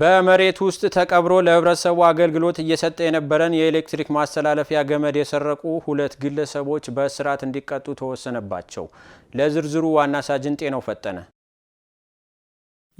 በመሬት ውስጥ ተቀብሮ ለህብረተሰቡ አገልግሎት እየሰጠ የነበረን የኤሌክትሪክ ማስተላለፊያ ገመድ የሰረቁ ሁለት ግለሰቦች በእስራት እንዲቀጡ ተወሰነባቸው። ለዝርዝሩ ዋና ሳጅን ጤነው ፈጠነ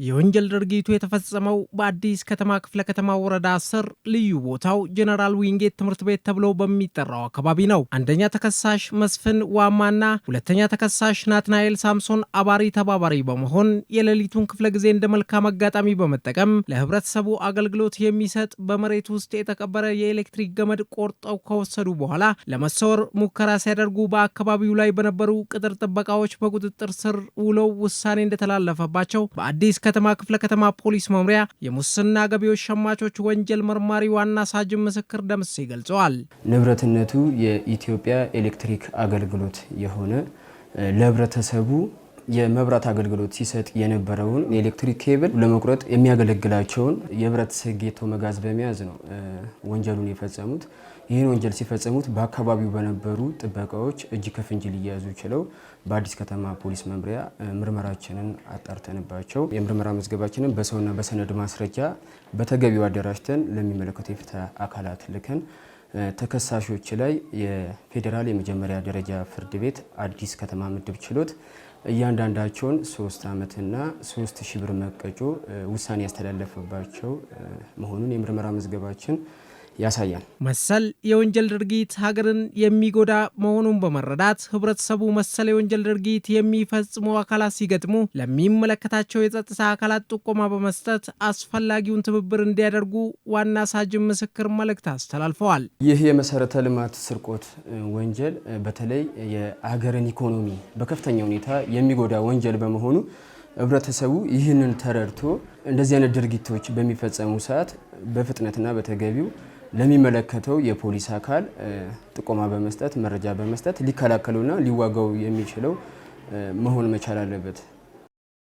የወንጀል ድርጊቱ የተፈጸመው በአዲስ ከተማ ክፍለ ከተማ ወረዳ ስር ልዩ ቦታው ጀነራል ዊንጌት ትምህርት ቤት ተብሎ በሚጠራው አካባቢ ነው። አንደኛ ተከሳሽ መስፍን ዋማና ሁለተኛ ተከሳሽ ናትናኤል ሳምሶን አባሪ ተባባሪ በመሆን የሌሊቱን ክፍለ ጊዜ እንደ መልካም አጋጣሚ በመጠቀም ለህብረተሰቡ አገልግሎት የሚሰጥ በመሬት ውስጥ የተቀበረ የኤሌክትሪክ ገመድ ቆርጠው ከወሰዱ በኋላ ለመሰወር ሙከራ ሲያደርጉ በአካባቢው ላይ በነበሩ ቅጥር ጥበቃዎች በቁጥጥር ስር ውለው ውሳኔ እንደተላለፈባቸው በአዲስ ከተማ ክፍለ ከተማ ፖሊስ መምሪያ የሙስና ገቢዎች ሸማቾች ወንጀል መርማሪ ዋና ሳጅን ምስክር ደምሴ ገልጸዋል። ንብረትነቱ የኢትዮጵያ ኤሌክትሪክ አገልግሎት የሆነ ለህብረተሰቡ የመብራት አገልግሎት ሲሰጥ የነበረውን የኤሌክትሪክ ኬብል ለመቁረጥ የሚያገለግላቸውን የብረት ስጌቶ መጋዝ በመያዝ ነው ወንጀሉን የፈጸሙት። ይህን ወንጀል ሲፈጸሙት በአካባቢው በነበሩ ጥበቃዎች እጅ ከፍንጅ ሊያያዙ ችለው በአዲስ ከተማ ፖሊስ መምሪያ ምርመራችንን አጣርተንባቸው የምርመራ መዝገባችንን በሰውና በሰነድ ማስረጃ በተገቢው አደራጅተን ለሚመለከቱ የፍትህ አካላት ልከን ተከሳሾች ላይ የፌዴራል የመጀመሪያ ደረጃ ፍርድ ቤት አዲስ ከተማ ምድብ ችሎት እያንዳንዳቸውን ሶስት ዓመትና ሶስት ሺህ ብር መቀጮ ውሳኔ ያስተላለፈባቸው መሆኑን የምርመራ መዝገባችን ያሳያል። መሰል የወንጀል ድርጊት ሀገርን የሚጎዳ መሆኑን በመረዳት ህብረተሰቡ መሰል የወንጀል ድርጊት የሚፈጽሙ አካላት ሲገጥሙ ለሚመለከታቸው የጸጥታ አካላት ጥቆማ በመስጠት አስፈላጊውን ትብብር እንዲያደርጉ ዋና ሳጅን ምስክር መልእክት አስተላልፈዋል። ይህ የመሰረተ ልማት ስርቆት ወንጀል በተለይ የሀገርን ኢኮኖሚ በከፍተኛ ሁኔታ የሚጎዳ ወንጀል በመሆኑ ህብረተሰቡ ይህንን ተረድቶ እንደዚህ አይነት ድርጊቶች በሚፈጸሙ ሰዓት በፍጥነትና በተገቢው ለሚመለከተው የፖሊስ አካል ጥቆማ በመስጠት መረጃ በመስጠት ሊከላከሉና ሊዋጋው የሚችለው መሆን መቻል አለበት።